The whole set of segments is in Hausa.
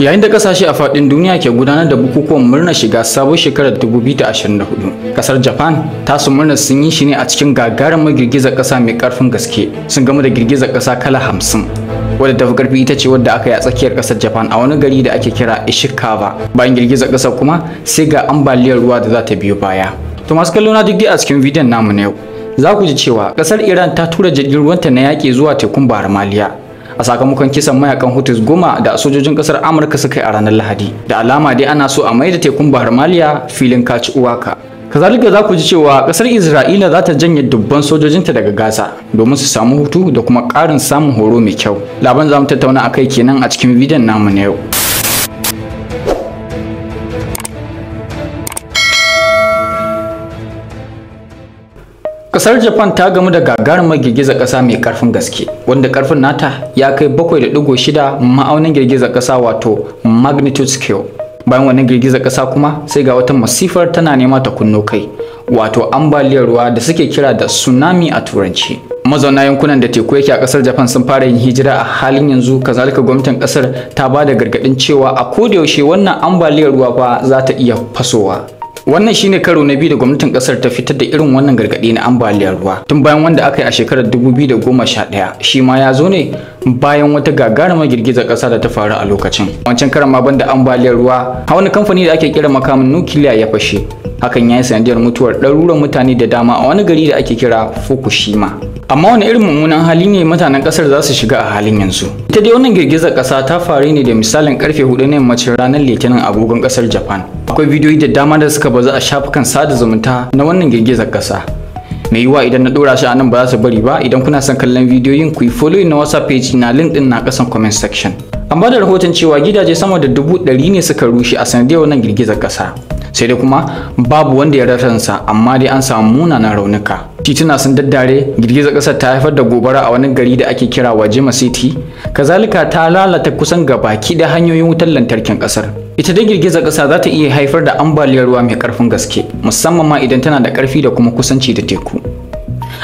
Yayin da kasashe a faɗin duniya ke gudanar da bukukuwan murnar shiga sabon shekarar 2024, kasar Japan ta su murnar sun yi shi ne a cikin gagarin girgizar ƙasa mai ƙarfin gaske, sun gama da girgizar ƙasa kala hamsin. wadda dafa karfi ita ce wadda aka yi a tsakiyar kasar Japan a wani gari da ake kira Ishikawa. Bayan girgizar ƙasa kuma sai ga ambaliyar ruwa da za ta biyo baya. To masu kallo na duk a cikin bidiyon namu na yau. Za ku ji cewa ƙasar Iran ta tura jirgin ruwanta na yaƙi zuwa tekun Baramaliya a sakamakon kisan mayakan Hutus goma da sojojin kasar Amurka suka yi a ranar Lahadi. Da alama dai ana so a mai da tekun Bahar Maliya filin kaci uwaka. Kazalika za ku ji cewa kasar Isra'ila za ta janye dubban sojojinta daga Gaza domin su samu hutu da kuma ƙarin samun horo mai kyau. Laban za mu tattauna akai kenan a cikin bidiyon namu na yau. Kasar Japan ta gamu da gagarumar girgizar ƙasa mai karfin gaske, wanda karfin nata ya kai bakwai da shida ma'aunin girgizar ƙasa wato magnitude scale. Bayan wannan girgizar ƙasa kuma sai ga wata masifar tana nema ta kunno kai, wato ambaliyar ruwa da suke kira da tsunami a turanci. mazauna yankunan da teku yake a kasar japan sun fara yin hijira a halin yanzu kazalika gwamnatin kasar ta ba da gargadin cewa a kodayaushe wannan ambaliyar ruwa ba za ta iya fasowa Wannan shine karo na biyu da gwamnatin kasar ta fitar da irin wannan gargaɗi na ambaliyar ruwa tun bayan wanda aka yi a shekarar 2011 shi ma ya zo ne bayan wata gagarumar girgizar ƙasa da ta faru a lokacin. Wancan karan ma banda ambaliyar ruwa a wani kamfani da ake kira makamin nukiliya ya fashe. Hakan ya yi sanadiyar mutuwar ɗaruran mutane da dama a wani gari da ake kira Fukushima. amma wani irin mummunan hali ne mutanen kasar za su shiga a halin yanzu ita dai wannan girgizar kasa ta faru ne da misalin karfe 4 na yammacin ranar litinin agogon kasar japan akwai bidiyoyi da dama da suka bazu a shafukan sada zumunta na wannan girgizar kasa mai yiwuwa idan na dora shi a nan ba za su bari ba idan kuna son kallon bidiyoyin ku yi follow na whatsapp page na link din na kasan comment section an bada rahoton cewa gidaje sama da dubu ɗari ne suka rushe a sanadiyar wannan girgizar kasa sai dai kuma babu wanda ya ratansa amma dai an samu munanan raunuka tituna sun daddare girgizar kasar ta haifar da gobara a wani gari da ake kira wajima city kazalika ta lalata kusan gabaki da hanyoyin wutar lantarkin kasar ita dai girgizar ƙasa za ta iya haifar da ambaliyar ruwa mai karfin gaske musamman ma idan tana da karfi da kuma kusanci da teku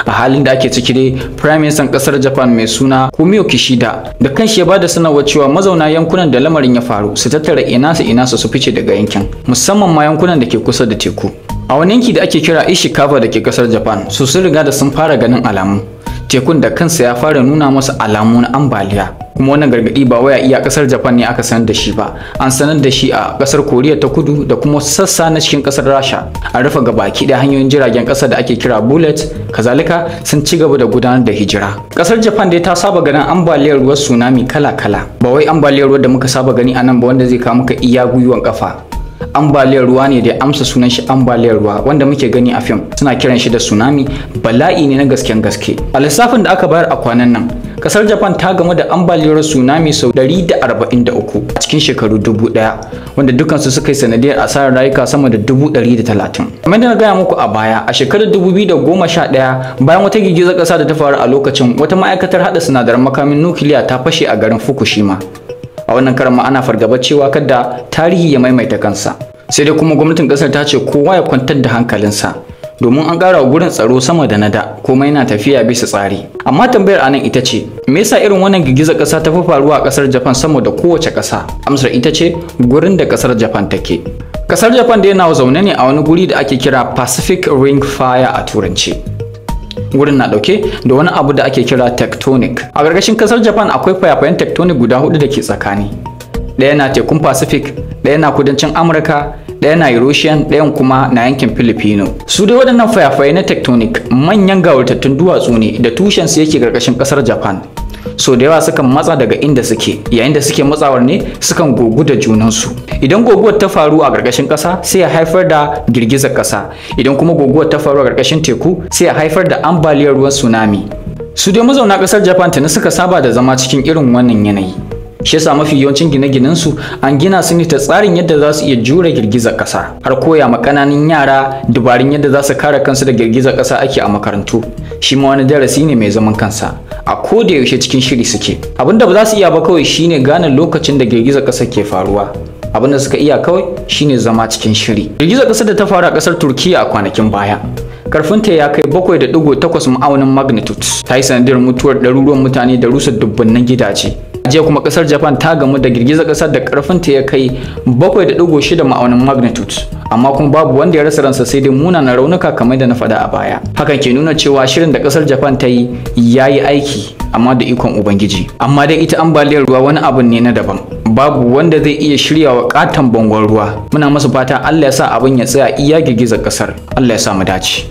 a halin da ake ciki dai prime minister kasar japan mai suna kumio kishida da kan shi ya bada sanarwa cewa mazauna yankunan da lamarin ya faru su tattara ina su ina su fice daga yankin musamman ma yankunan da ke kusa da teku a wani yanki da ake kira ishikawa da ke kasar japan su sun riga da sun fara ganin alamu tekun da kansa ya fara nuna masa alamu na ambaliya kuma wannan gargadi ba waya iya kasar japan ne aka sanar da shi ba an sanar da shi a kasar koriya ta kudu da kuma sassa na cikin kasar rasha an rufe gabaki da hanyoyin jiragen kasa da ake kira bullet kazalika sun ci gaba da gudanar da hijira kasar japan dai ta saba ganin ambaliyar ruwa tsunami kala kala ba wai ambaliyar ruwa da muka saba gani a ba wanda zai kawo maka iya gwiwan kafa ambaliyar ruwa ne da amsa sunan shi ambaliyar ruwa wanda muke gani a fim suna kiran shi da tsunami bala'i ne na gasken gaske a lissafin da aka bayar a kwanan nan kasar japan ta gamu da ambaliyar tsunami sau 143 a cikin shekaru 1000 wanda dukansu suka yi sanadiyar asarar rayuka sama da 130 kamar da na gaya muku a baya a shekarar 2011 bayan wata girgizar kasa da ta faru a lokacin wata ma'aikatar hada sinadaran makamin nukiliya ta fashe a garin fukushima a wannan karan ma ana fargaba cewa kada tarihi ya maimaita kansa sai dai kuma gwamnatin kasar ta ce kowa ya kwantar da hankalinsa domin an ƙara gurin tsaro sama da na da komai na tafiya bisa tsari amma tambayar anan ita ce me yasa irin wannan girgizar ƙasa ta fi faruwa a ƙasar Japan sama da kowace ƙasa amsar ita ce gurin da ƙasar Japan take ƙasar Japan da yana zaune ne a wani guri da ake kira Pacific Ring Fire a turanci wurin na dauke da wani abu da ake kira tectonic a gargashin kasar japan akwai fayafayen tectonic guda hudu da ke tsakani ɗaya na tekun pacific ɗaya na kudancin amurka ɗaya na Eurasian ɗayan kuma na yankin Filipino. Su dai waɗannan fayafai na tectonic manyan gawurtattun duwatsu ne da tushensu yake ƙarƙashin ƙasar Japan. so da yawa sukan matsa daga inda suke yayin da suke matsawar ne sukan gogu da junansu idan goguwar ta faru a ƙarƙashin ƙasa sai ya haifar da girgizar ƙasa idan kuma goguwar ta faru a ƙarƙashin teku sai ya haifar da ambaliyar ruwan tsunami su dai mazauna ƙasar japan tuni suka saba da zama cikin irin wannan yanayi shi yasa mafi yawancin gine-ginen su an gina su ne ta tsarin yadda za su iya jure girgizar ƙasa har koya ma ƙananan yara dubarin yadda za su kare kansu da girgizar ƙasa ake a makarantu shi ma wani darasi ne mai zaman kansa a ko da yaushe cikin shiri suke abin da ba za su iya ba kawai shine gane lokacin da girgizar ƙasa ke faruwa abin da suka iya kawai shine zama cikin shiri girgizar ƙasa da ta faru a ƙasar turkiya a kwanakin baya karfinta ya kai 7.8 ma'aunin magnitude ta yi sanadiyar mutuwar ɗaruruwan mutane da rusa dubbannin gidaje jiya kuma kasar japan ta gamu da girgizar kasar da karfinta ya kai 7.6 ma'aunin magnitude amma kuma babu wanda ya rasa ransa sai dai munana raunuka kamar da na faɗa a baya hakan ke nuna cewa shirin da kasar japan ta yi ya yi aiki amma da ikon ubangiji amma dai ita ambaliyar ruwa wani abu ne na daban babu wanda zai iya shirya wa katon bangon ruwa muna masa fata allah ya sa abin ya tsaya iya girgizar kasar allah ya sa mu dace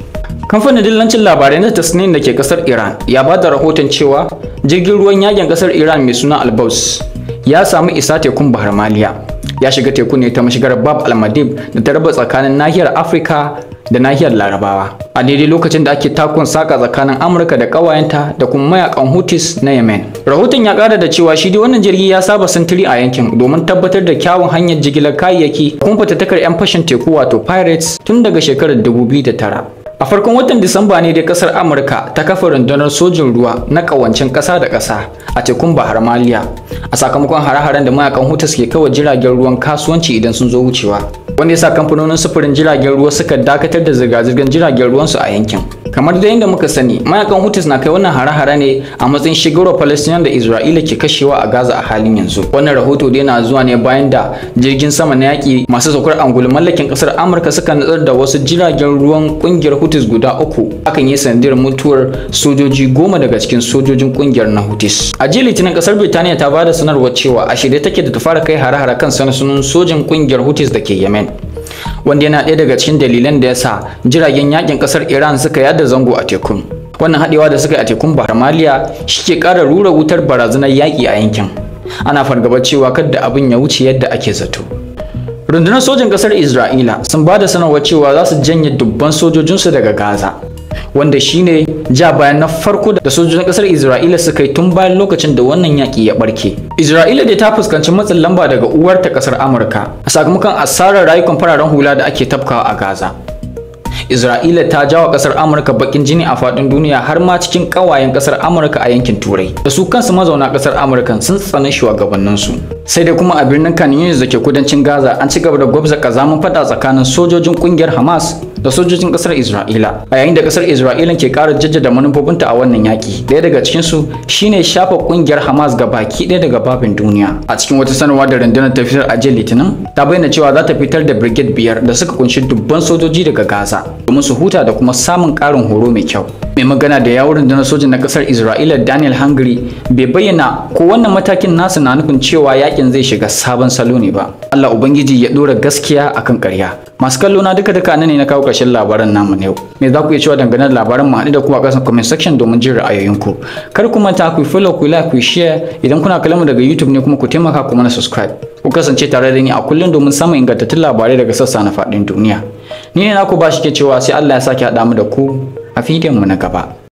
kamfanin dillancin labarai na tasnim da ke kasar iran ya ba da rahoton cewa jirgin ruwan yakin kasar iran mai suna albaus ya samu isa tekun bahar maliya ya shiga teku ne ta mashigar bab al madib da ta raba tsakanin nahiyar afirka da nahiyar larabawa a daidai lokacin da ake takun saka tsakanin amurka da ƙawayenta da kuma mayakan hutis na yemen rahoton ya kara da cewa shi dai wannan jirgi ya saba sintiri a yankin domin tabbatar da kyawun hanyar jigilar kayayyaki kuma fatattakar 'yan fashin teku wato pirates tun daga shekarar 2009 A farkon watan Disamba ne dai kasar Amurka ta kafa rundunar sojin ruwa na kawancin ƙasa da ƙasa a tekun Bahar Maliya a sakamakon hare-haren da mayakan Hutu suke kawai jiragen ruwan kasuwanci idan sun zo wucewa. Wanda ya sa kamfanonin sufurin jiragen ruwa suka dakatar da zirga-zirgar jiragen ruwansu a yankin. kamar da yadda muka sani mayakan hutus na kai wannan hare-hare ne a matsayin shigarwar palestinian da isra'ila ke kashewa a gaza a halin yanzu wannan rahoto dai na zuwa ne bayan da jirgin sama na yaki masu saukar angulu mallakin kasar amurka suka nutsar da wasu jiragen ruwan ƙungiyar hutus guda uku akan yi sanadiyar mutuwar sojoji goma daga cikin sojojin ƙungiyar na hutus a jiya litinin ƙasar birtaniya ta bada sanarwar cewa a shirye take da ta fara kai hare-hare kan sanasunan sojin ƙungiyar hutus da ke yemen wanda yana ɗaya daga cikin dalilan da ya sa jiragen yakin ƙasar Iran suka yada zango a tekun. Wannan haɗewa da suka yi a tekun bahamaliya shike shi ƙara rura wutar barazanar yaƙi a yankin. Ana fargaba cewa kada abin ya wuce yadda ake zato. Rundunar sojin ƙasar Isra'ila sun ba da sanarwar cewa za su janye dubban sojojinsu daga Gaza. wanda shine ja bayan na farko da sojojin kasar Isra'ila suka yi tun bayan lokacin da wannan yaki ya barke. Isra'ila dai ta fuskanci matsin lamba daga uwarta kasar Amurka a sakamakon asarar rayukan fararen hula da ake tafkawa a Gaza. Isra'ila ta jawa kasar Amurka bakin jini a faɗin duniya har ma cikin ƙawayen kasar Amurka a yankin Turai. Da su kansu mazauna kasar Amurka sun tsani shugabanninsu. Sai da kuma a birnin Khan Yunis da ke kudancin Gaza an ci gaba da gwabza kazamin fada tsakanin sojojin ƙungiyar Hamas da sojojin kasar Isra'ila a yayin da kasar Isra'ila ke ƙara jaddada manufofinta a wannan yaki ɗaya daga cikin su shine shafa kungiyar Hamas ga baki ɗaya daga babin duniya a cikin wata sanarwa da rundunar ta fitar a jiya Litinin ta bayyana cewa za ta fitar da brigade biyar da suka kunshi dubban sojoji daga Gaza domin su huta da kuma samun karin horo mai kyau mai magana da yawon rundunar sojin na kasar Isra'ila Daniel Hungary bai bayyana ko wannan matakin nasu na nufin cewa yakin zai shiga sabon salo ne ba Allah ubangiji ya dora gaskiya akan ƙarya masu kallo na duka duka ne na kawo ƙarshen labaran namu yau me za ku iya cewa dangane da labaran mu haɗu da ku a ƙasan comment section domin jin ra'ayoyinku kar ku manta ku follow ku like ku share idan kuna kallon daga YouTube ne kuma ku taimaka ku mana subscribe ku kasance tare da ni a kullum domin samun ingantattun labarai daga sassa na faɗin duniya ni ne naku ba shi ke cewa sai Allah ya sake haɗa mu da ku a fidiyon mu na gaba